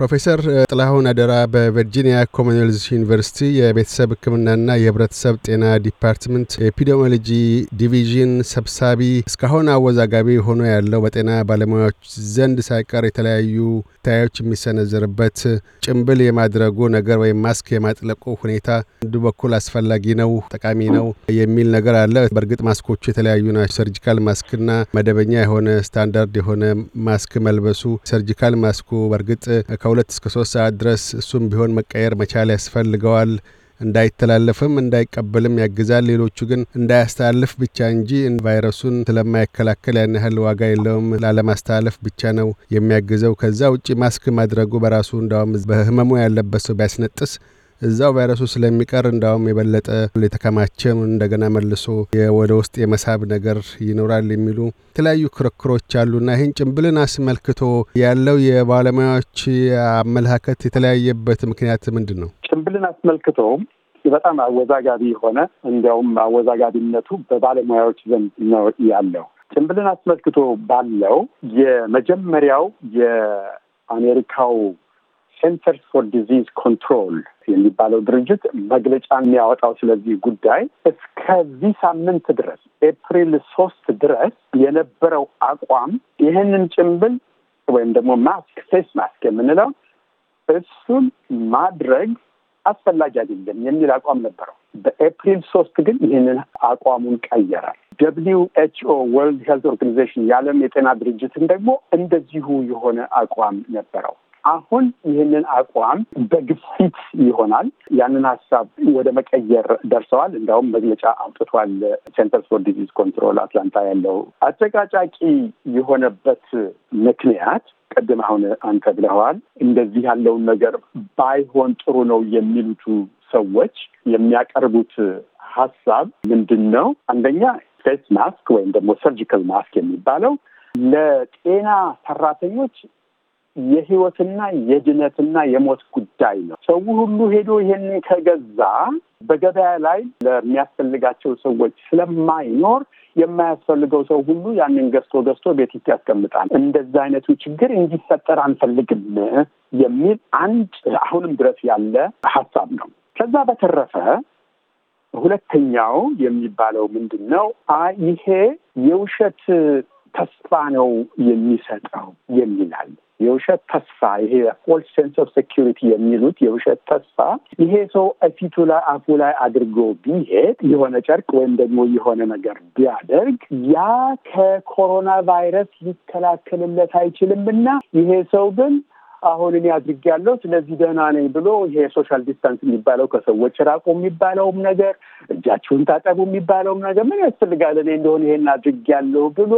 ፕሮፌሰር ጥላሁን አደራ በቨርጂኒያ ኮመንዌልዝ ዩኒቨርሲቲ የቤተሰብ ሕክምናና የህብረተሰብ ጤና ዲፓርትመንት ኤፒዲሞሎጂ ዲቪዥን ሰብሳቢ፣ እስካሁን አወዛጋቢ ሆኖ ያለው በጤና ባለሙያዎች ዘንድ ሳይቀር የተለያዩ ታዮች የሚሰነዘርበት ጭንብል የማድረጉ ነገር ወይም ማስክ የማጥለቁ ሁኔታ አንዱ በኩል አስፈላጊ ነው፣ ጠቃሚ ነው የሚል ነገር አለ። በእርግጥ ማስኮቹ የተለያዩ ናቸው። ሰርጂካል ማስክና መደበኛ የሆነ ስታንዳርድ የሆነ ማስክ መልበሱ ሰርጂካል ማስኩ በእርግጥ ከሁለት እስከ ሶስት ሰዓት ድረስ እሱም ቢሆን መቀየር መቻል ያስፈልገዋል። እንዳይተላለፍም እንዳይቀበልም ያግዛል። ሌሎቹ ግን እንዳያስተላልፍ ብቻ እንጂ ቫይረሱን ስለማይከላከል ያን ያህል ዋጋ የለውም። ላለማስተላለፍ ብቻ ነው የሚያግዘው። ከዛ ውጭ ማስክ ማድረጉ በራሱ እንዳውም በህመሙ ያለበት ሰው ቢያስነጥስ እዛው ቫይረሱ ስለሚቀር እንዳውም የበለጠ የተከማቸም እንደገና መልሶ ወደ ውስጥ የመሳብ ነገር ይኖራል የሚሉ የተለያዩ ክርክሮች አሉና ይህን ጭንብልን አስመልክቶ ያለው የባለሙያዎች አመለካከት የተለያየበት ምክንያት ምንድን ነው? ጭንብልን አስመልክቶም በጣም አወዛጋቢ የሆነ እንዲያውም አወዛጋቢነቱ በባለሙያዎች ዘንድ ነው ያለው። ጭንብልን አስመልክቶ ባለው የመጀመሪያው የአሜሪካው ሴንተር ፎር ዲዚዝ ኮንትሮል የሚባለው ድርጅት መግለጫ የሚያወጣው ስለዚህ ጉዳይ እስከዚህ ሳምንት ድረስ ኤፕሪል ሶስት ድረስ የነበረው አቋም ይህንን ጭንብል ወይም ደግሞ ማስክ ፌስ ማስክ የምንለው እሱን ማድረግ አስፈላጊ አይደለም የሚል አቋም ነበረው። በኤፕሪል ሶስት ግን ይህንን አቋሙን ቀየራል። ደብሊው ኤች ኦ ወርልድ ሄልት ኦርጋኒዜሽን የዓለም የጤና ድርጅትን ደግሞ እንደዚሁ የሆነ አቋም ነበረው። አሁን ይህንን አቋም በግፊት ይሆናል ያንን ሀሳብ ወደ መቀየር ደርሰዋል። እንዲያውም መግለጫ አውጥቷል። ሴንተር ፎር ዲዚዝ ኮንትሮል አትላንታ ያለው አጨቃጫቂ የሆነበት ምክንያት ቅድም አሁን አንተ ብለኸዋል። እንደዚህ ያለውን ነገር ባይሆን ጥሩ ነው የሚሉቱ ሰዎች የሚያቀርቡት ሀሳብ ምንድን ነው? አንደኛ ፌስ ማስክ ወይም ደግሞ ሰርጂካል ማስክ የሚባለው ለጤና ሰራተኞች የህይወትና የድነትና የሞት ጉዳይ ነው። ሰው ሁሉ ሄዶ ይሄን ከገዛ በገበያ ላይ ለሚያስፈልጋቸው ሰዎች ስለማይኖር የማያስፈልገው ሰው ሁሉ ያንን ገዝቶ ገዝቶ ቤት ያስቀምጣል። እንደዛ አይነቱ ችግር እንዲፈጠር አንፈልግም የሚል አንድ አሁንም ድረስ ያለ ሀሳብ ነው። ከዛ በተረፈ ሁለተኛው የሚባለው ምንድን ነው? ይሄ የውሸት ተስፋ ነው የሚሰጠው የሚላል የውሸት ተስፋ ይሄ ፎልስ ሴንስ ኦፍ ሴኪሪቲ የሚሉት የውሸት ተስፋ ይሄ ሰው እፊቱ ላይ አፉ ላይ አድርጎ ቢሄድ የሆነ ጨርቅ ወይም ደግሞ የሆነ ነገር ቢያደርግ ያ ከኮሮና ቫይረስ ሊከላከልለት አይችልምና ይሄ ሰው ግን አሁን እኔ አድርግ ያለው ስለዚህ ደህና ነኝ ብሎ ይሄ ሶሻል ዲስታንስ የሚባለው ከሰዎች ራቁ የሚባለውም ነገር እጃችሁን ታጠቡ የሚባለውም ነገር ምን ያስፈልጋል? እኔ እንደሆነ ይሄን አድርግ ያለው ብሎ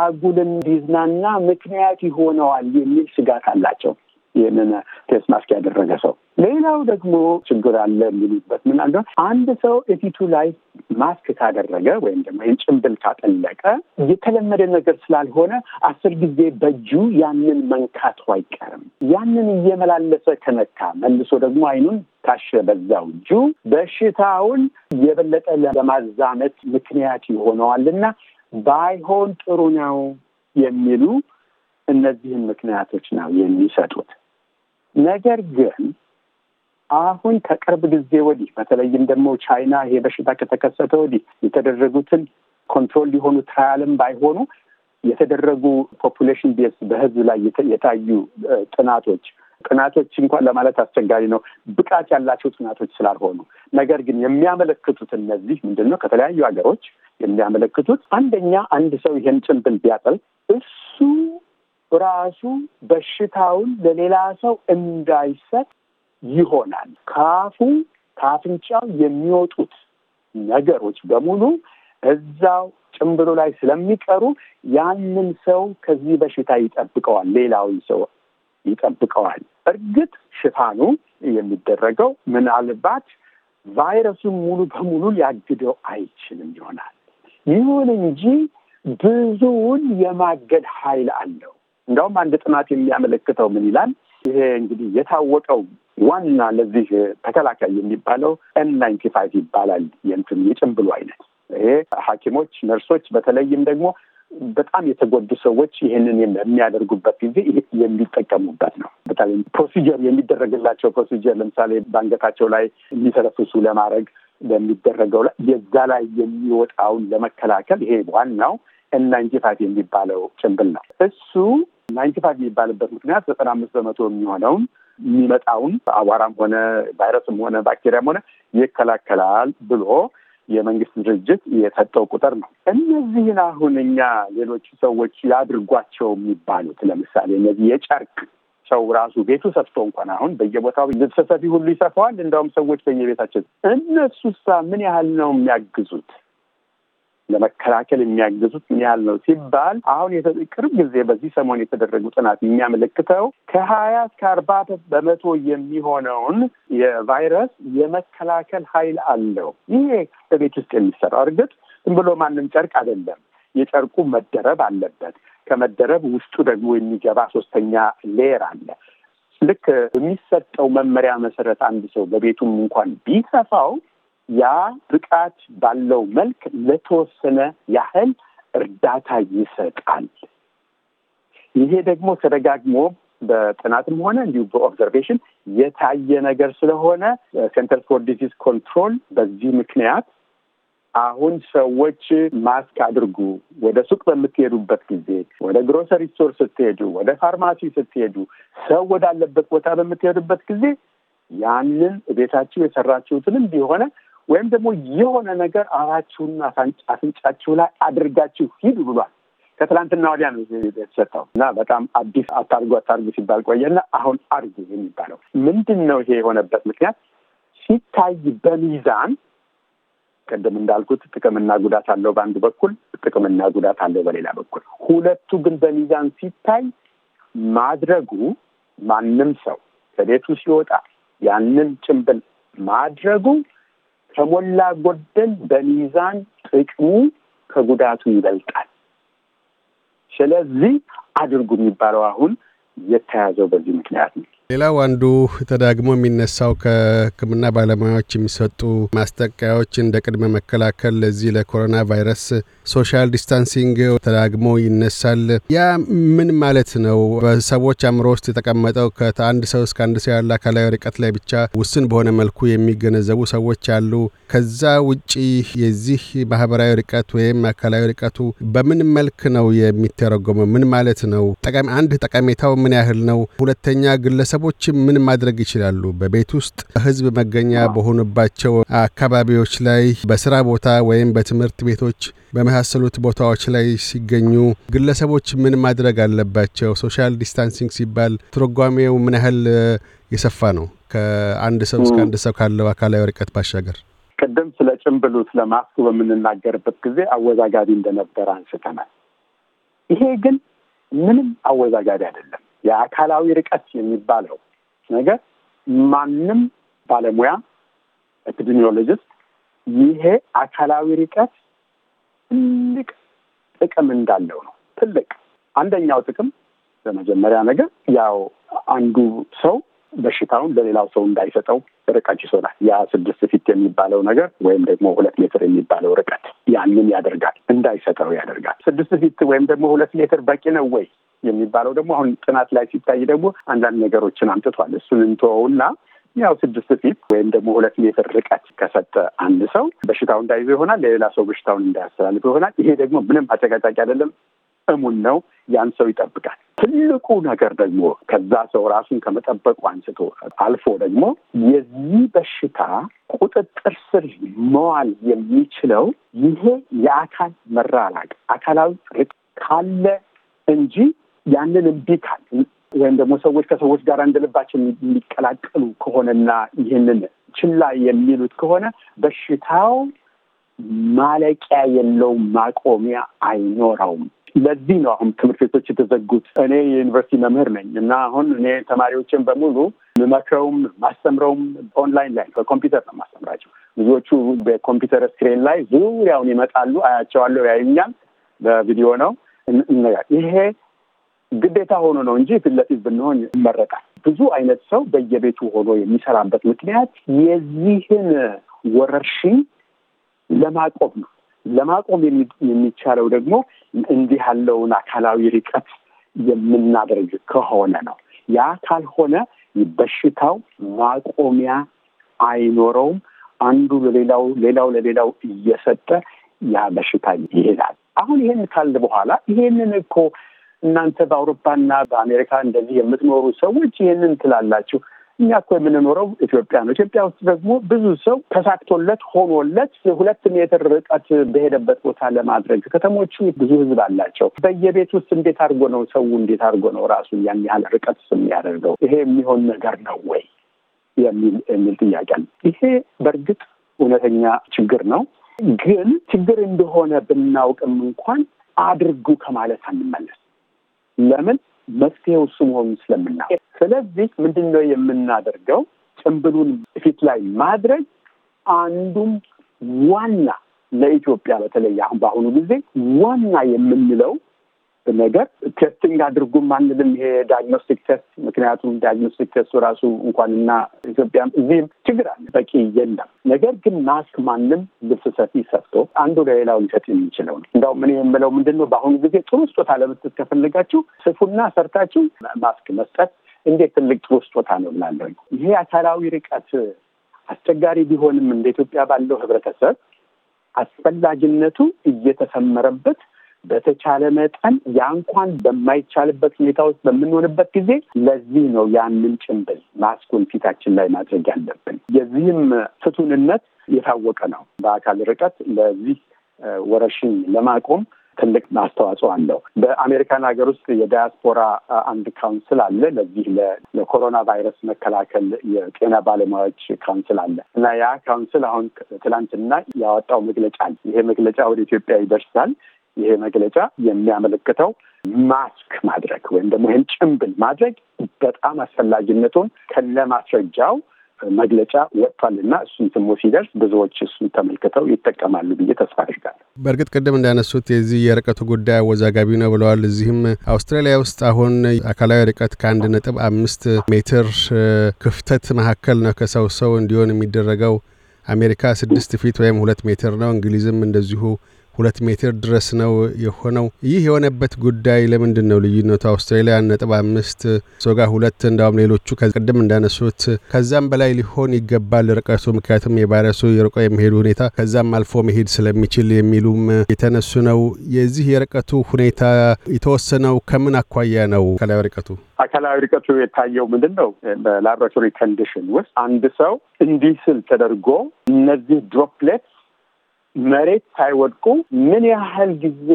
አጉልም ቢዝናና ምክንያት ይሆነዋል የሚል ስጋት አላቸው። ይህንን ቴስት ማስክ ያደረገ ሰው ሌላው ደግሞ ችግር አለ የሚሉበት ምን አለ፣ አንድ ሰው እፊቱ ላይ ማስክ ካደረገ ወይም ደግሞ ይህን ጭንብል ካጠለቀ የተለመደ ነገር ስላልሆነ አስር ጊዜ በእጁ ያንን መንካቱ አይቀርም። ያንን እየመላለሰ ከነካ መልሶ ደግሞ አይኑን ካሸ በዛው እጁ በሽታውን የበለጠ ለማዛመት ምክንያት ይሆነዋልና ባይሆን ጥሩ ነው የሚሉ እነዚህን ምክንያቶች ነው የሚሰጡት። ነገር ግን አሁን ከቅርብ ጊዜ ወዲህ በተለይም ደግሞ ቻይና ይሄ በሽታ ከተከሰተ ወዲህ የተደረጉትን ኮንትሮል ሊሆኑ ትራያልም ባይሆኑ የተደረጉ ፖፑሌሽን ቤስ በህዝብ ላይ የታዩ ጥናቶች ጥናቶች እንኳን ለማለት አስቸጋሪ ነው፣ ብቃት ያላቸው ጥናቶች ስላልሆኑ። ነገር ግን የሚያመለክቱት እነዚህ ምንድን ነው ከተለያዩ ሀገሮች የሚያመለክቱት አንደኛ አንድ ሰው ይሄን ጭንብል ቢያጠል እሱ ራሱ በሽታውን ለሌላ ሰው እንዳይሰጥ ይሆናል። ካፉ ከአፍንጫው የሚወጡት ነገሮች በሙሉ እዛው ጭንብሉ ላይ ስለሚቀሩ ያንን ሰው ከዚህ በሽታ ይጠብቀዋል፣ ሌላውን ሰው ይጠብቀዋል። እርግጥ ሽፋኑ የሚደረገው ምናልባት ቫይረሱን ሙሉ በሙሉ ሊያግደው አይችልም ይሆናል። ይሁን እንጂ ብዙውን የማገድ ኃይል አለው። እንዲያውም አንድ ጥናት የሚያመለክተው ምን ይላል? ይሄ እንግዲህ የታወቀው ዋና ለዚህ ተከላካይ የሚባለው ኤን ናይንቲ ፋይቭ ይባላል። የእንትኑ የጭንብሉ አይነት ይሄ ሐኪሞች ነርሶች፣ በተለይም ደግሞ በጣም የተጎዱ ሰዎች ይህንን የሚያደርጉበት ጊዜ የሚጠቀሙበት ነው። በተለይ ፕሮሲጀር የሚደረግላቸው ፕሮሲጀር ለምሳሌ በአንገታቸው ላይ የሚተረፍሱ ለማድረግ በሚደረገው ላይ የዛ ላይ የሚወጣውን ለመከላከል ይሄ ዋናው ኤን ናይንቲ ፋይቭ የሚባለው ጭንብል ነው። እሱ ናይንቲ ፋይቭ የሚባልበት ምክንያት ዘጠና አምስት በመቶ የሚሆነውን የሚመጣውን አቧራም ሆነ ቫይረስም ሆነ ባክቴሪያም ሆነ ይከላከላል ብሎ የመንግስት ድርጅት የሰጠው ቁጥር ነው። እነዚህን አሁን እኛ ሌሎች ሰዎች ያድርጓቸው የሚባሉት ለምሳሌ እነዚህ የጨርቅ ሰው ራሱ ቤቱ ሰፍቶ እንኳን አሁን በየቦታው ልብስ ሰፊ ሁሉ ይሰፋዋል። እንደውም ሰዎች በየቤታችን እነሱሳ ምን ያህል ነው የሚያግዙት? ለመከላከል የሚያግዙት ምን ያህል ነው ሲባል አሁን ቅርብ ጊዜ በዚህ ሰሞን የተደረጉ ጥናት የሚያመለክተው ከሀያ እስከ አርባ በመቶ የሚሆነውን የቫይረስ የመከላከል ኃይል አለው። ይሄ በቤት ውስጥ የሚሰራው እርግጥ ዝም ብሎ ማንም ጨርቅ አይደለም። የጨርቁ መደረብ አለበት። ከመደረብ ውስጡ ደግሞ የሚገባ ሶስተኛ ሌየር አለ። ልክ በሚሰጠው መመሪያ መሰረት አንድ ሰው በቤቱም እንኳን ቢሰፋው ያ ብቃት ባለው መልክ ለተወሰነ ያህል እርዳታ ይሰጣል። ይሄ ደግሞ ተደጋግሞ በጥናትም ሆነ እንዲሁ በኦብዘርቬሽን የታየ ነገር ስለሆነ ሴንተር ፎር ዲዚዝ ኮንትሮል በዚህ ምክንያት አሁን ሰዎች ማስክ አድርጉ፣ ወደ ሱቅ በምትሄዱበት ጊዜ፣ ወደ ግሮሰሪ ስቶር ስትሄዱ፣ ወደ ፋርማሲ ስትሄዱ፣ ሰው ወዳለበት ቦታ በምትሄዱበት ጊዜ ያንን ቤታችሁ የሰራችሁትንም ቢሆነ ወይም ደግሞ የሆነ ነገር አራችሁና አፍንጫችሁ ላይ አድርጋችሁ ሂዱ ብሏል። ከትላንትና ወዲያ ነው የተሰጠው እና በጣም አዲስ አታርጉ አታርጉ ሲባል ቆየና አሁን አርጉ የሚባለው ምንድን ነው? ይሄ የሆነበት ምክንያት ሲታይ በሚዛን ቅድም እንዳልኩት ጥቅምና ጉዳት አለው በአንድ በኩል፣ ጥቅምና ጉዳት አለው በሌላ በኩል። ሁለቱ ግን በሚዛን ሲታይ ማድረጉ ማንም ሰው ከቤቱ ሲወጣ ያንን ጭንብል ማድረጉ ከሞላ ጎደል በሚዛን ጥቅሙ ከጉዳቱ ይበልጣል። ስለዚህ አድርጉ የሚባለው አሁን የተያዘው በዚህ ምክንያት ነው። ሌላው አንዱ ተዳግሞ የሚነሳው ከሕክምና ባለሙያዎች የሚሰጡ ማስጠንቀቂያዎች እንደ ቅድመ መከላከል ለዚህ ለኮሮና ቫይረስ ሶሻል ዲስታንሲንግ ተዳግሞ ይነሳል። ያ ምን ማለት ነው? በሰዎች አእምሮ ውስጥ የተቀመጠው ከአንድ ሰው እስከ አንድ ሰው ያለ አካላዊ ርቀት ላይ ብቻ ውስን በሆነ መልኩ የሚገነዘቡ ሰዎች አሉ። ከዛ ውጪ የዚህ ማህበራዊ ርቀት ወይም አካላዊ ርቀቱ በምን መልክ ነው የሚተረጎመው? ምን ማለት ነው? አንድ ጠቀሜታው ምን ያህል ነው? ሁለተኛ ግለሰ ግለሰቦች ምን ማድረግ ይችላሉ? በቤት ውስጥ ህዝብ መገኛ በሆኑባቸው አካባቢዎች ላይ፣ በስራ ቦታ ወይም በትምህርት ቤቶች በመሳሰሉት ቦታዎች ላይ ሲገኙ ግለሰቦች ምን ማድረግ አለባቸው? ሶሻል ዲስታንሲንግ ሲባል ትርጓሜው ምን ያህል የሰፋ ነው? ከአንድ ሰው እስከ አንድ ሰው ካለው አካላዊ ርቀት ባሻገር ቅድም ስለ ጭምብሉ ስለ ማስኩ በምንናገርበት ጊዜ አወዛጋቢ እንደነበረ አንስተናል። ይሄ ግን ምንም አወዛጋቢ አይደለም። የአካላዊ ርቀት የሚባለው ነገር ማንም ባለሙያ ኤፒዲሚዮሎጂስት ይሄ አካላዊ ርቀት ትልቅ ጥቅም እንዳለው ነው። ትልቅ አንደኛው ጥቅም በመጀመሪያ ነገር ያው አንዱ ሰው በሽታውን ለሌላው ሰው እንዳይሰጠው ርቀት ይሶላል። ያ ስድስት ፊት የሚባለው ነገር ወይም ደግሞ ሁለት ሜትር የሚባለው ርቀት ያንን ያደርጋል፣ እንዳይሰጠው ያደርጋል። ስድስት ፊት ወይም ደግሞ ሁለት ሜትር በቂ ነው ወይ የሚባለው ደግሞ አሁን ጥናት ላይ ሲታይ ደግሞ አንዳንድ ነገሮችን አምጥቷል። እሱን እንተወውና ያው ስድስት ፊት ወይም ደግሞ ሁለት ሜትር ርቀት ከሰጠ አንድ ሰው በሽታው እንዳይዞ ይሆናል፣ ለሌላ ሰው በሽታውን እንዳያስተላልፍ ይሆናል። ይሄ ደግሞ ምንም አጨቃጫቂ አይደለም፣ እሙን ነው። ያን ሰው ይጠብቃል። ትልቁ ነገር ደግሞ ከዛ ሰው ራሱን ከመጠበቁ አንስቶ አልፎ ደግሞ የዚህ በሽታ ቁጥጥር ስር መዋል የሚችለው ይሄ የአካል መራራቅ አካላዊ ርቅ ካለ እንጂ ያንን እምቢታ ወይም ደግሞ ሰዎች ከሰዎች ጋር እንደልባችን የሚቀላቀሉ ከሆነና ይህንን ችላ የሚሉት ከሆነ በሽታው ማለቂያ የለው ማቆሚያ አይኖረውም። ለዚህ ነው አሁን ትምህርት ቤቶች የተዘጉት። እኔ የዩኒቨርሲቲ መምህር ነኝ እና አሁን እኔ ተማሪዎችን በሙሉ የምመክረውም ማስተምረውም ኦንላይን ላይ በኮምፒውተር ነው ማስተምራቸው። ብዙዎቹ በኮምፒውተር ስክሪን ላይ ዙሪያውን ይመጣሉ፣ አያቸዋለሁ፣ ያዩኛል። በቪዲዮ ነው ይሄ ግዴታ ሆኖ ነው እንጂ ፊት ለፊት ብንሆን ይመረቃል። ብዙ አይነት ሰው በየቤቱ ሆኖ የሚሰራበት ምክንያት የዚህን ወረርሽኝ ለማቆም ነው። ለማቆም የሚቻለው ደግሞ እንዲህ ያለውን አካላዊ ርቀት የምናደርግ ከሆነ ነው። ያ ካልሆነ በሽታው ማቆሚያ አይኖረውም። አንዱ ለሌላው ሌላው ለሌላው እየሰጠ ያ በሽታ ይሄዳል። አሁን ይሄን ካልን በኋላ ይሄንን እኮ እናንተ በአውሮፓና በአሜሪካ እንደዚህ የምትኖሩ ሰዎች ይህንን ትላላችሁ፣ እኛ እኮ የምንኖረው ኢትዮጵያ ነው። ኢትዮጵያ ውስጥ ደግሞ ብዙ ሰው ተሳክቶለት ሆኖለት ሁለት ሜትር ርቀት በሄደበት ቦታ ለማድረግ ከተሞቹ ብዙ ሕዝብ አላቸው። በየቤት ውስጥ እንዴት አድርጎ ነው ሰው እንዴት አድርጎ ነው ራሱ ያን ያህል ርቀት የሚያደርገው? ይሄ የሚሆን ነገር ነው ወይ የሚል የሚል ጥያቄ አለ። ይሄ በእርግጥ እውነተኛ ችግር ነው። ግን ችግር እንደሆነ ብናውቅም እንኳን አድርጉ ከማለት አንመለስ ለምን መፍትሄው እሱ መሆኑን ስለምና ስለዚህ ምንድን ነው የምናደርገው ጭንብሉን ፊት ላይ ማድረግ አንዱም ዋና ለኢትዮጵያ በተለይ አሁን በአሁኑ ጊዜ ዋና የምንለው ነገር ቴስቲንግ አድርጉም አንልም። ይሄ ዳግኖስቲክ ቴስት ምክንያቱም ዳግኖስቲክ ቴስቱ ራሱ እንኳንና ኢትዮጵያም እዚህም ችግር አለ፣ በቂ የለም። ነገር ግን ማስክ ማንም ልብስ ሰፊ ሰጥቶ አንዱ ለሌላው ሊሰጥ የሚችለው ነው። እንዲሁም እኔ የምለው ምንድን ነው በአሁኑ ጊዜ ጥሩ ስጦታ ለመስጠት ከፈለጋችሁ ስፉና ሰርታችሁ ማስክ መስጠት እንዴት ትልቅ ጥሩ ስጦታ ነው ብላለሁ። ይሄ አካላዊ ርቀት አስቸጋሪ ቢሆንም እንደ ኢትዮጵያ ባለው ህብረተሰብ አስፈላጊነቱ እየተሰመረበት በተቻለ መጠን ያ እንኳን በማይቻልበት ሁኔታ ውስጥ በምንሆንበት ጊዜ ለዚህ ነው ያንን ጭንብል ማስኩን ፊታችን ላይ ማድረግ ያለብን። የዚህም ፍቱንነት የታወቀ ነው። በአካል ርቀት ለዚህ ወረርሽኝ ለማቆም ትልቅ አስተዋጽኦ አለው። በአሜሪካን ሀገር ውስጥ የዳያስፖራ አንድ ካውንስል አለ። ለዚህ ለኮሮና ቫይረስ መከላከል የጤና ባለሙያዎች ካውንስል አለ እና ያ ካውንስል አሁን ትላንትና ያወጣው መግለጫ አለ። ይሄ መግለጫ ወደ ኢትዮጵያ ይደርሳል። ይሄ መግለጫ የሚያመለክተው ማስክ ማድረግ ወይም ደግሞ ይህን ጭንብል ማድረግ በጣም አስፈላጊነቱን ከለማስረጃው መግለጫ ወጥቷል እና እሱን ስሞ ሲደርስ ብዙዎች እሱን ተመልክተው ይጠቀማሉ ብዬ ተስፋ አድርጋለሁ። በእርግጥ ቅድም እንዳነሱት የዚህ የርቀቱ ጉዳይ አወዛጋቢ ነው ብለዋል። እዚህም አውስትራሊያ ውስጥ አሁን አካላዊ ርቀት ከአንድ ነጥብ አምስት ሜትር ክፍተት መካከል ነው ከሰው ሰው እንዲሆን የሚደረገው። አሜሪካ ስድስት ፊት ወይም ሁለት ሜትር ነው። እንግሊዝም እንደዚሁ ሁለት ሜትር ድረስ ነው የሆነው። ይህ የሆነበት ጉዳይ ለምንድን ነው ልዩነቱ? አውስትራሊያ ነጥብ አምስት ሶጋ ሁለት እንዳውም ሌሎቹ ቅድም እንዳነሱት ከዛም በላይ ሊሆን ይገባል ርቀቱ፣ ምክንያቱም የቫይረሱ የርቆ የመሄዱ ሁኔታ ከዛም አልፎ መሄድ ስለሚችል የሚሉም የተነሱ ነው። የዚህ የርቀቱ ሁኔታ የተወሰነው ከምን አኳያ ነው? አካላዊ ርቀቱ አካላዊ ርቀቱ የታየው ምንድን ነው? በላቦራቶሪ ኮንዲሽን ውስጥ አንድ ሰው እንዲህ ስል ተደርጎ እነዚህ ድሮፕሌት መሬት ሳይወድቁ ምን ያህል ጊዜ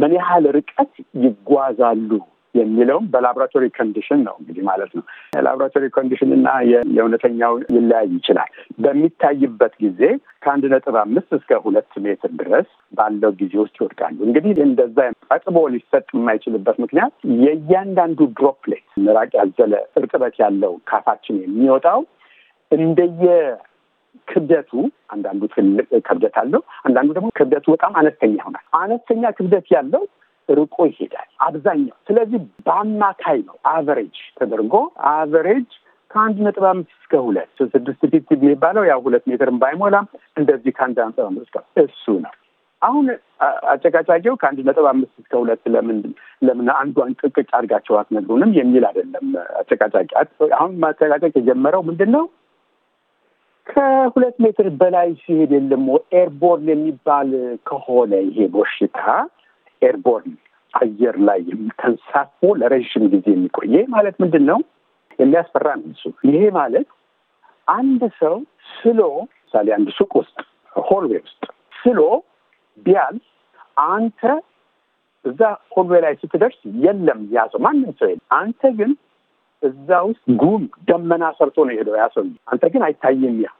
ምን ያህል ርቀት ይጓዛሉ የሚለውም በላቦራቶሪ ኮንዲሽን ነው እንግዲህ ማለት ነው። የላቦራቶሪ ኮንዲሽን እና የእውነተኛው ሊለያይ ይችላል። በሚታይበት ጊዜ ከአንድ ነጥብ አምስት እስከ ሁለት ሜትር ድረስ ባለው ጊዜ ውስጥ ይወድቃሉ። እንግዲህ እንደዛ ጠጥቦ ሊሰጥ የማይችልበት ምክንያት የእያንዳንዱ ድሮፕሌት ምራቅ ያዘለ እርጥበት ያለው ካፋችን የሚወጣው እንደየ ክብደቱ አንዳንዱ ትልቅ ክብደት አለው፣ አንዳንዱ ደግሞ ክብደቱ በጣም አነስተኛ ይሆናል። አነስተኛ ክብደት ያለው ርቆ ይሄዳል አብዛኛው። ስለዚህ በአማካይ ነው አቨሬጅ ተደርጎ አቨሬጅ ከአንድ ነጥብ አምስት እስከ ሁለት ስድስት ፊት የሚባለው ያው ሁለት ሜትርም ባይሞላም እንደዚህ ከአንድ ነጥብ አምስት እስከ እሱ ነው። አሁን አጨቃጫቂው ከአንድ ነጥብ አምስት እስከ ሁለት ለምን ለምን አንዷን ጥቅጭ አድርጋቸው አትነግሩንም የሚል አይደለም። አጨቃጫቂ አሁን ማጨቃጨቅ የጀመረው ምንድን ነው ከሁለት ሜትር በላይ ሲሄድ የለም ኤርቦርን የሚባል ከሆነ ይሄ በሽታ ኤርቦርን አየር ላይ ተንሳፎ ለረዥም ጊዜ የሚቆይ ይሄ ማለት ምንድን ነው? የሚያስፈራ ነው እሱ። ይሄ ማለት አንድ ሰው ስሎ ምሳሌ አንድ ሱቅ ውስጥ ሆልዌ ውስጥ ስሎ ቢያል አንተ እዛ ሆልዌ ላይ ስትደርስ የለም ያዘው ማንም ሰው የለም። አንተ ግን እዛ ውስጥ ጉም ደመና ሰርቶ ነው የሄደው ያ አንተ ግን አይታይም። ያ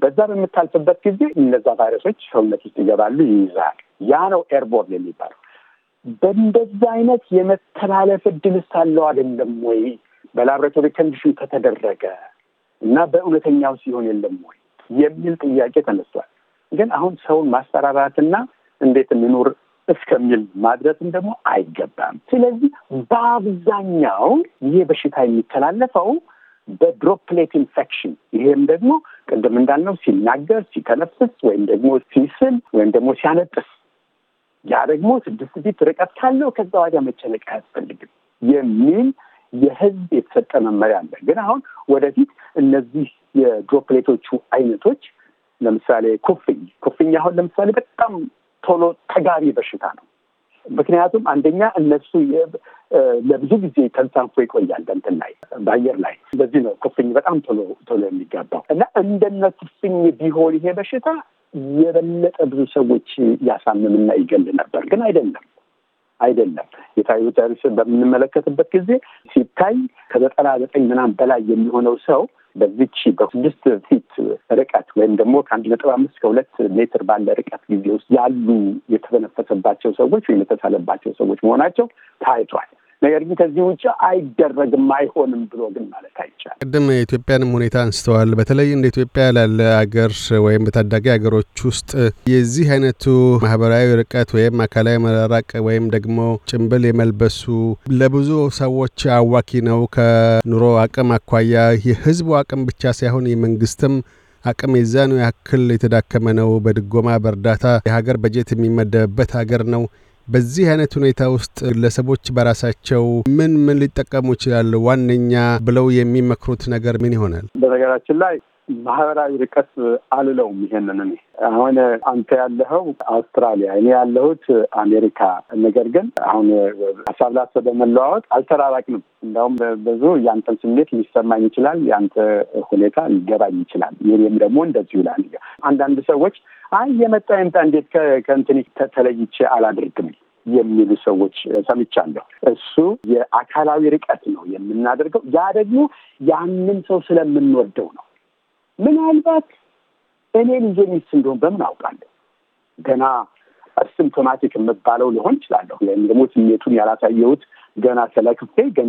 በዛ በምታልፍበት ጊዜ እነዛ ቫይረሶች ሰውነት ውስጥ ይገባሉ፣ ይይዛል። ያ ነው ኤርቦርን የሚባለው። በእንደዛ አይነት የመተላለፍ እድልስ አለው አይደለም ወይ? በላብራቶሪ ኮንዲሽን ከተደረገ እና በእውነተኛው ሲሆን የለም ወይ የሚል ጥያቄ ተነስቷል። ግን አሁን ሰውን ማስፈራራትና እንዴት እንኑር እስከሚል ማድረስም ደግሞ አይገባም። ስለዚህ በአብዛኛው ይሄ በሽታ የሚተላለፈው በድሮፕሌት ኢንፌክሽን ይሄም ደግሞ ቅድም እንዳልነው ሲናገር፣ ሲተነፍስ ወይም ደግሞ ሲስል ወይም ደግሞ ሲያነጥስ፣ ያ ደግሞ ስድስት ፊት ርቀት ካለው ከዛ ወዲያ መጨነቅ አያስፈልግም የሚል የህዝብ የተሰጠ መመሪያ አለ። ግን አሁን ወደፊት እነዚህ የድሮፕሌቶቹ አይነቶች ለምሳሌ ኩፍኝ ኩፍኝ አሁን ለምሳሌ በጣም ቶሎ ተጋቢ በሽታ ነው። ምክንያቱም አንደኛ እነሱ ለብዙ ጊዜ ተንሳንፎ ይቆያል በእንትን ላይ በአየር ላይ። እንደዚህ ነው ኩፍኝ በጣም ቶሎ ቶሎ የሚጋባው እና እንደነ ኩፍኝ ቢሆን ይሄ በሽታ የበለጠ ብዙ ሰዎች ያሳምምና ይገል ነበር። ግን አይደለም አይደለም። የታይሮይድ በምንመለከትበት ጊዜ ሲታይ ከዘጠና ዘጠኝ ምናምን በላይ የሚሆነው ሰው በዚች በስድስት ፊት ርቀት ወይም ደግሞ ከአንድ ነጥብ አምስት ከሁለት ሜትር ባለ ርቀት ጊዜ ውስጥ ያሉ የተተነፈሰባቸው ሰዎች ወይም የተሳለባቸው ሰዎች መሆናቸው ታይቷል። ነገር ግን ከዚህ ውጭ አይደረግም አይሆንም ብሎ ግን ማለት አይቻልም። ቅድም የኢትዮጵያንም ሁኔታ አንስተዋል። በተለይ እንደ ኢትዮጵያ ላለ አገር ወይም በታዳጊ ሀገሮች ውስጥ የዚህ አይነቱ ማህበራዊ ርቀት ወይም አካላዊ መራራቅ ወይም ደግሞ ጭንብል የመልበሱ ለብዙ ሰዎች አዋኪ ነው። ከኑሮ አቅም አኳያ የህዝቡ አቅም ብቻ ሳይሆን የመንግስትም አቅም የዛኑ ያክል የተዳከመ ነው። በድጎማ በእርዳታ የሀገር በጀት የሚመደብበት ሀገር ነው። በዚህ አይነት ሁኔታ ውስጥ ግለሰቦች በራሳቸው ምን ምን ሊጠቀሙ ይችላሉ? ዋነኛ ብለው የሚመክሩት ነገር ምን ይሆናል? በነገራችን ላይ ማህበራዊ ርቀት አልለውም። ይሄንን እኔ አሁን አንተ ያለኸው አውስትራሊያ፣ እኔ ያለሁት አሜሪካ። ነገር ግን አሁን ሀሳብ ላሰ በመለዋወጥ አልተራራቅንም። እንዲያውም ብዙ የአንተን ስሜት ሊሰማኝ ይችላል፣ የአንተ ሁኔታ ሊገባኝ ይችላል። ይህም ደግሞ እንደዚሁ ይላል። አንዳንድ ሰዎች አይ የመጣ የምጣ እንዴት ከእንትን ተለይቼ አላደርግም የሚሉ ሰዎች ሰምቻለሁ። እሱ የአካላዊ ርቀት ነው የምናደርገው። ያ ደግሞ ያንን ሰው ስለምንወደው ነው ምናልባት እኔ ልጅ ሚስት እንደሆን በምን አውቃለሁ? ገና አሲምፕቶማቲክ የምባለው ሊሆን እችላለሁ። ወይም ደግሞ ስሜቱን ያላሳየሁት ገና ስለክፌ ግን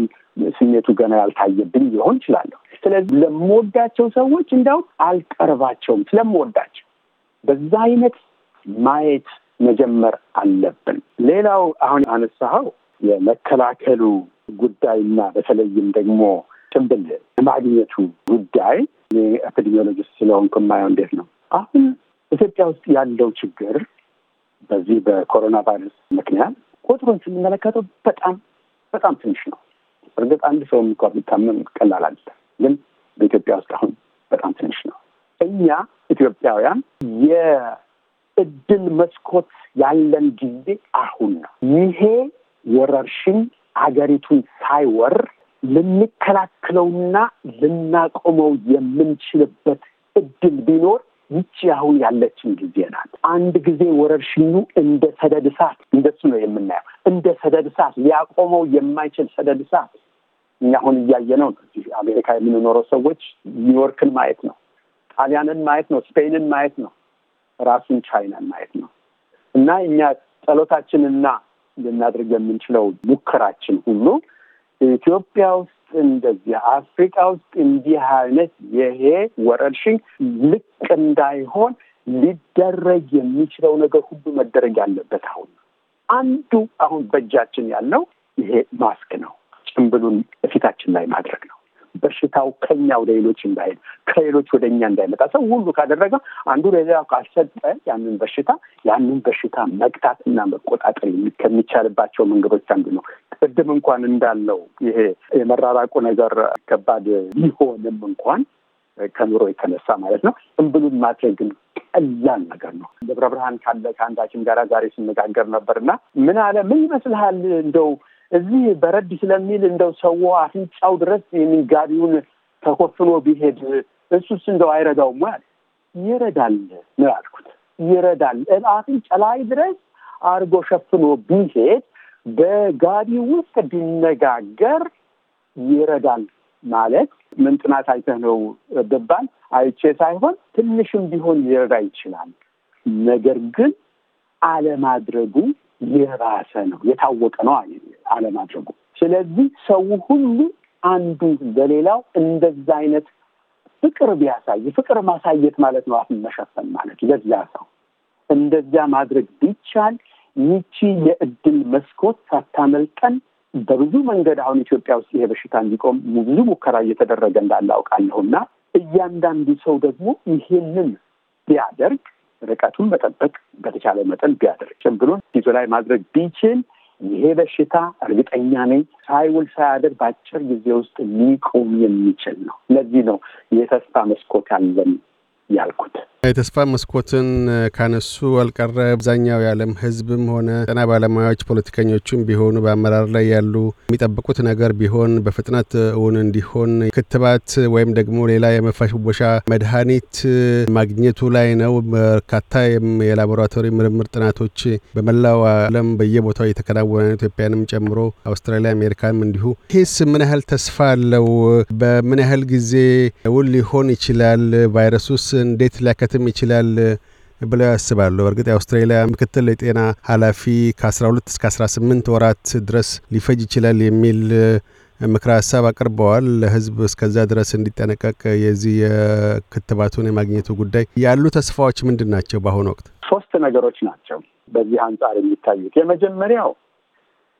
ስሜቱ ገና ያልታየብኝ ሊሆን እችላለሁ። ስለዚህ ለምወዳቸው ሰዎች እንዲያው አልቀርባቸውም ስለምወዳቸው። በዛ አይነት ማየት መጀመር አለብን። ሌላው አሁን አነሳኸው የመከላከሉ ጉዳይና በተለይም ደግሞ ጭንብል የማግኘቱ ጉዳይ የኤፒዲሚዮሎጂስት ስለሆንኩ የማየው እንዴት ነው አሁን ኢትዮጵያ ውስጥ ያለው ችግር በዚህ በኮሮና ቫይረስ ምክንያት ቁጥሩን ስንመለከተው በጣም በጣም ትንሽ ነው። እርግጥ አንድ ሰው እንኳ ቢታመም ቀላል አለ፣ ግን በኢትዮጵያ ውስጥ አሁን በጣም ትንሽ ነው። እኛ ኢትዮጵያውያን የእድል መስኮት ያለን ጊዜ አሁን ነው። ይሄ ወረርሽኝ አገሪቱን ሳይወር ልንከላክለውና ልናቆመው የምንችልበት እድል ቢኖር ይቺ አሁን ያለችን ጊዜ ናት። አንድ ጊዜ ወረርሽኙ እንደ ሰደድ እሳት እንደሱ ነው የምናየው። እንደ ሰደድ እሳት ሊያቆመው የማይችል ሰደድ እሳት እኛ አሁን እያየነው ነው። አሜሪካ የምንኖረው ሰዎች ኒውዮርክን ማየት ነው፣ ጣሊያንን ማየት ነው፣ ስፔንን ማየት ነው፣ ራሱን ቻይናን ማየት ነው። እና እኛ ጸሎታችንና ልናድርግ የምንችለው ሙከራችን ሁሉ ኢትዮጵያ ውስጥ እንደዚህ አፍሪካ ውስጥ እንዲህ አይነት ይሄ ወረርሽኝ ልቅ እንዳይሆን ሊደረግ የሚችለው ነገር ሁሉ መደረግ ያለበት አሁን አንዱ አሁን በእጃችን ያለው ይሄ ማስክ ነው። ጭንብሉን ፊታችን ላይ ማድረግ ነው። በሽታው ከኛ ወደ ሌሎች እንዳይሄድ ከሌሎች ወደ እኛ እንዳይመጣ ሰው ሁሉ ካደረገ አንዱ ለሌላ ካሰጠ ያንን በሽታ ያንን በሽታ መቅታትና መቆጣጠር ከሚቻልባቸው መንገዶች አንዱ ነው። ቅድም እንኳን እንዳለው ይሄ የመራራቁ ነገር ከባድ ሊሆንም እንኳን ከኑሮ የተነሳ ማለት ነው እምብሉን ማድረግ ግን ቀላል ነገር ነው። ደብረ ብርሃን ካለ ከአንዳችን ጋር ዛሬ ስነጋገር ነበር እና ምን አለ ምን ይመስልሃል እንደው እዚህ በረድ ስለሚል እንደው ሰው አፍንጫው ድረስ የሚጋቢውን ተኮፍኖ ቢሄድ እሱስ እንደው አይረዳውም ያለ ይረዳል ነው ያልኩት። ይረዳል አፍንጫ ላይ ድረስ አድርጎ ሸፍኖ ቢሄድ በጋቢ ውስጥ ቢነጋገር ይረዳል። ማለት ምን ጥናት አይተህ ነው ብባል አይቼ ሳይሆን ትንሽም ቢሆን ሊረዳ ይችላል። ነገር ግን አለማድረጉ የባሰ ነው፣ የታወቀ ነው አለማድረጉ። ስለዚህ ሰው ሁሉ አንዱ ለሌላው እንደዛ አይነት ፍቅር ቢያሳይ ፍቅር ማሳየት ማለት ነው፣ አፍን መሸፈን ማለት ለዛ ሰው እንደዚያ ማድረግ ቢቻል ይቺ የእድል መስኮት ሳታመልጠን በብዙ መንገድ አሁን ኢትዮጵያ ውስጥ ይሄ በሽታ እንዲቆም ብዙ ሙከራ እየተደረገ እንዳለ አውቃለሁ እና እያንዳንዱ ሰው ደግሞ ይሄንን ቢያደርግ ርቀቱን መጠበቅ በተቻለ መጠን ቢያደርግ ጭንብሉን ፊቱ ላይ ማድረግ ቢችል ይሄ በሽታ እርግጠኛ ነኝ ሳይውል ሳያደር በአጭር ጊዜ ውስጥ ሊቆም የሚችል ነው። ለዚህ ነው የተስፋ መስኮት ያለን ያልኩት። የተስፋ መስኮትን ካነሱ አልቀረ አብዛኛው የዓለም ሕዝብም ሆነ ጤና ባለሙያዎች ፖለቲከኞችም ቢሆኑ በአመራር ላይ ያሉ የሚጠብቁት ነገር ቢሆን በፍጥነት እውን እንዲሆን ክትባት ወይም ደግሞ ሌላ የመፋወሻ መድኃኒት ማግኘቱ ላይ ነው። በርካታ የላቦራቶሪ ምርምር ጥናቶች በመላው ዓለም በየቦታው የተከናወነ ኢትዮጵያንም ጨምሮ አውስትራሊያ፣ አሜሪካንም እንዲሁ። ይህስ ምን ያህል ተስፋ አለው? በምን ያህል ጊዜ እውን ሊሆን ይችላል? ቫይረሱስ እንዴት ሊያከ ሊመለከትም ይችላል ብለው ያስባሉ። በእርግጥ የአውስትራሊያ ምክትል የጤና ኃላፊ ከ12 እስከ 18 ወራት ድረስ ሊፈጅ ይችላል የሚል ምክረ ሀሳብ አቅርበዋል። ለህዝብ እስከዛ ድረስ እንዲጠነቀቅ የዚህ የክትባቱን የማግኘቱ ጉዳይ ያሉ ተስፋዎች ምንድን ናቸው? በአሁኑ ወቅት ሶስት ነገሮች ናቸው በዚህ አንጻር የሚታዩት። የመጀመሪያው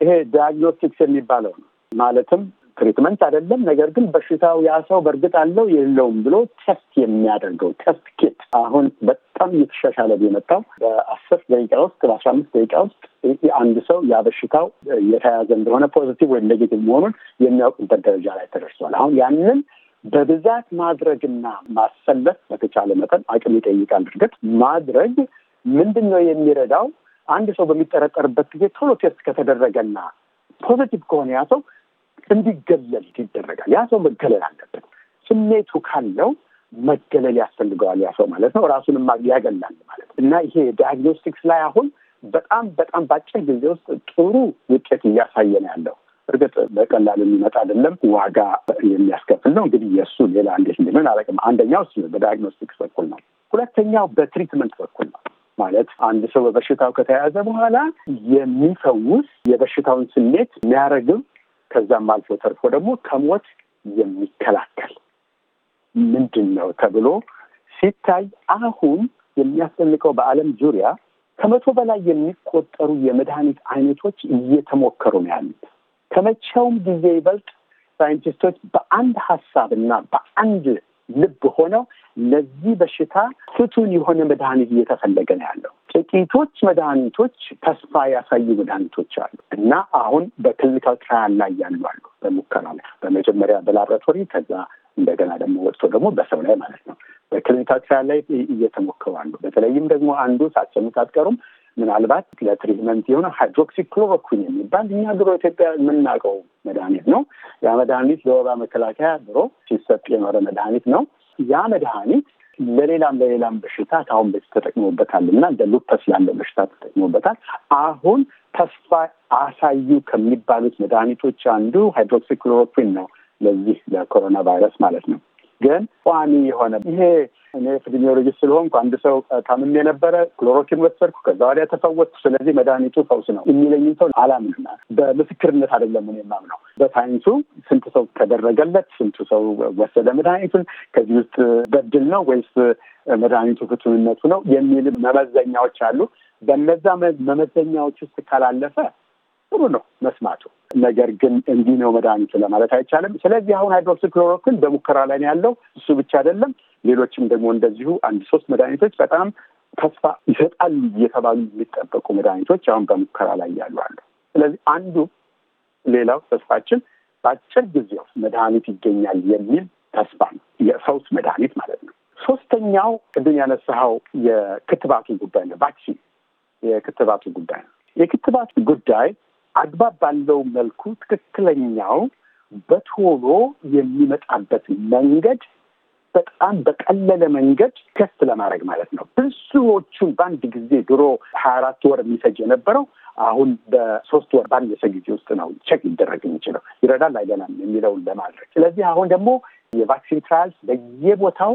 ይሄ ዳያግኖስቲክስ የሚባለው ነው። ማለትም ትሪትመንት አይደለም። ነገር ግን በሽታው ያ ሰው በእርግጥ አለው የለውም ብሎ ቴስት የሚያደርገው ቴስት ኪት አሁን በጣም እየተሻሻለ የመጣው በአስር ደቂቃ ውስጥ በአስራ አምስት ደቂቃ ውስጥ አንድ ሰው ያ በሽታው የተያዘ እንደሆነ ፖዚቲቭ ወይም ኔጌቲቭ መሆኑን የሚያውቁበት ደረጃ ላይ ተደርሷል። አሁን ያንን በብዛት ማድረግና ማሰለፍ በተቻለ መጠን አቅም ይጠይቃል። እርግጥ ማድረግ ምንድን ነው የሚረዳው? አንድ ሰው በሚጠረጠርበት ጊዜ ቶሎ ቴስት ከተደረገና ፖዚቲቭ ከሆነ ያ ሰው እንዲገለል ይደረጋል። ያ ሰው መገለል አለበት። ስሜቱ ካለው መገለል ያስፈልገዋል ያ ሰው ማለት ነው። ራሱንም ያገላል ማለት እና ይሄ ዳያግኖስቲክስ ላይ አሁን በጣም በጣም በአጭር ጊዜ ውስጥ ጥሩ ውጤት እያሳየ ነው ያለው። እርግጥ በቀላሉ የሚመጣ አይደለም፣ ዋጋ የሚያስከፍል ነው። እንግዲህ የእሱ ሌላ እንዴት እንደሚሆን አላውቅም። አንደኛው እሱ በዳያግኖስቲክስ በኩል ነው። ሁለተኛው በትሪትመንት በኩል ነው። ማለት አንድ ሰው በበሽታው ከተያያዘ በኋላ የሚፈውስ የበሽታውን ስሜት የሚያረግብ ከዛም አልፎ ተርፎ ደግሞ ከሞት የሚከላከል ምንድን ነው ተብሎ ሲታይ አሁን የሚያስፈልቀው በዓለም ዙሪያ ከመቶ በላይ የሚቆጠሩ የመድኃኒት አይነቶች እየተሞከሩ ነው ያሉት። ከመቼውም ጊዜ ይበልጥ ሳይንቲስቶች በአንድ ሀሳብ እና በአንድ ልብ ሆነው ለዚህ በሽታ ፍቱን የሆነ መድኃኒት እየተፈለገ ነው ያለው። ጥቂቶች መድኃኒቶች ተስፋ ያሳዩ መድኃኒቶች አሉ እና አሁን በክሊኒካል ትራያል ላይ ያሉ አሉ። በሙከራ በመጀመሪያ በላብራቶሪ ከዛ እንደገና ደግሞ ወጥቶ ደግሞ በሰው ላይ ማለት ነው። በክሊኒካል ትራያል ላይ እየተሞከሩ አሉ። በተለይም ደግሞ አንዱ ሳትሰሙት አትቀሩም ምናልባት ለትሪትመንት የሆነ ሃይድሮክሲክሎሮኩን የሚባል እኛ ድሮ ኢትዮጵያ የምናውቀው መድኃኒት ነው። ያ መድኃኒት ለወባ መከላከያ ድሮ ሲሰጥ የኖረ መድኃኒት ነው። ያ መድኃኒት ለሌላም ለሌላም በሽታ ከአሁን በፊት ተጠቅሞበታል እና እንደ ሉፐስ ያለ በሽታ ተጠቅሞበታል። አሁን ተስፋ አሳዩ ከሚባሉት መድኃኒቶች አንዱ ሃይድሮክሲክሎሮኩዊን ነው፣ ለዚህ ለኮሮና ቫይረስ ማለት ነው። ግን ቋሚ የሆነ ይሄ እኔ ኤፒዲሚዮሎጂስት ስለሆንኩ አንድ ሰው ታምም የነበረ ክሎሮኪን ወሰድኩ፣ ከዛ ወዲያ ተፈወስኩ፣ ስለዚህ መድኃኒቱ ፈውስ ነው የሚለኝን ሰው አላምንና በምስክርነት አይደለም እኔ የማምነው። በሳይንሱ ስንት ሰው ተደረገለት፣ ስንቱ ሰው ወሰደ መድኃኒቱን፣ ከዚህ ውስጥ በድል ነው ወይስ መድኃኒቱ ፍቱንነቱ ነው የሚል መመዘኛዎች አሉ። በነዛ መመዘኛዎች ውስጥ ካላለፈ ጥሩ ነው መስማቱ። ነገር ግን እንዲህ ነው መድኃኒቱ ለማለት አይቻልም። ስለዚህ አሁን ሃይድሮክሲክሎሮክን በሙከራ ላይ ነው ያለው። እሱ ብቻ አይደለም፣ ሌሎችም ደግሞ እንደዚሁ አንድ ሶስት መድኃኒቶች በጣም ተስፋ ይሰጣል እየተባሉ የሚጠበቁ መድኃኒቶች አሁን በሙከራ ላይ ያሉ አሉ። ስለዚህ አንዱ ሌላው ተስፋችን በአጭር ጊዜ ውስጥ መድኃኒት ይገኛል የሚል ተስፋ ነው፣ የፈውስ መድኃኒት ማለት ነው። ሶስተኛው ቅድም ያነሳኸው የክትባቱ ጉዳይ ነው፣ ቫክሲን የክትባቱ ጉዳይ ነው። የክትባት ጉዳይ አግባብ ባለው መልኩ ትክክለኛው በቶሎ የሚመጣበት መንገድ በጣም በቀለለ መንገድ ከፍ ለማድረግ ማለት ነው። ብዙዎቹን በአንድ ጊዜ ድሮ ሀያ አራት ወር የሚፈጅ የነበረው አሁን በሶስት ወር ባነሰ ጊዜ ውስጥ ነው ቼክ ሊደረግ የሚችለው። ይረዳል አይደላም የሚለውን ለማድረግ። ስለዚህ አሁን ደግሞ የቫክሲን ትራያልስ በየቦታው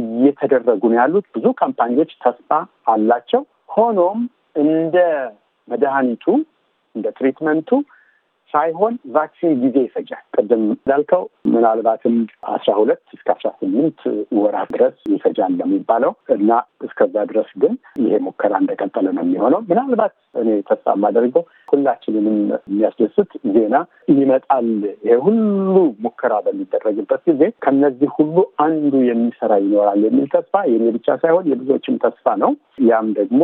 እየተደረጉ ነው ያሉት። ብዙ ካምፓኒዎች ተስፋ አላቸው። ሆኖም እንደ መድኃኒቱ እንደ ትሪትመንቱ ሳይሆን ቫክሲን ጊዜ ይፈጃል። ቅድም እንዳልከው ምናልባትም አስራ ሁለት እስከ አስራ ስምንት ወራት ድረስ ይፈጃል የሚባለው እና እስከዛ ድረስ ግን ይሄ ሙከራ እንደቀጠለ ነው የሚሆነው። ምናልባት እኔ ተስፋ የማደርገው ሁላችንንም የሚያስደስት ዜና ይመጣል። ይሄ ሁሉ ሙከራ በሚደረግበት ጊዜ ከነዚህ ሁሉ አንዱ የሚሰራ ይኖራል የሚል ተስፋ የኔ ብቻ ሳይሆን የብዙዎችም ተስፋ ነው። ያም ደግሞ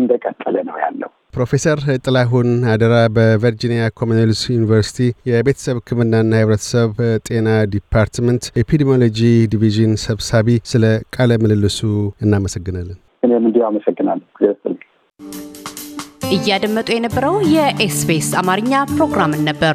እንደቀጠለ ነው ያለው። ፕሮፌሰር ጥላሁን አደራ በቨርጂኒያ ኮመንዌልስ ዩኒቨርሲቲ የቤተሰብ ሕክምናና የህብረተሰብ ጤና ዲፓርትመንት ኤፒዲሚዮሎጂ ዲቪዥን ሰብሳቢ፣ ስለ ቃለ ምልልሱ እናመሰግናለን። እኔም እንዲሁ አመሰግናለሁ። እያደመጡ የነበረው የኤስቢኤስ አማርኛ ፕሮግራምን ነበር።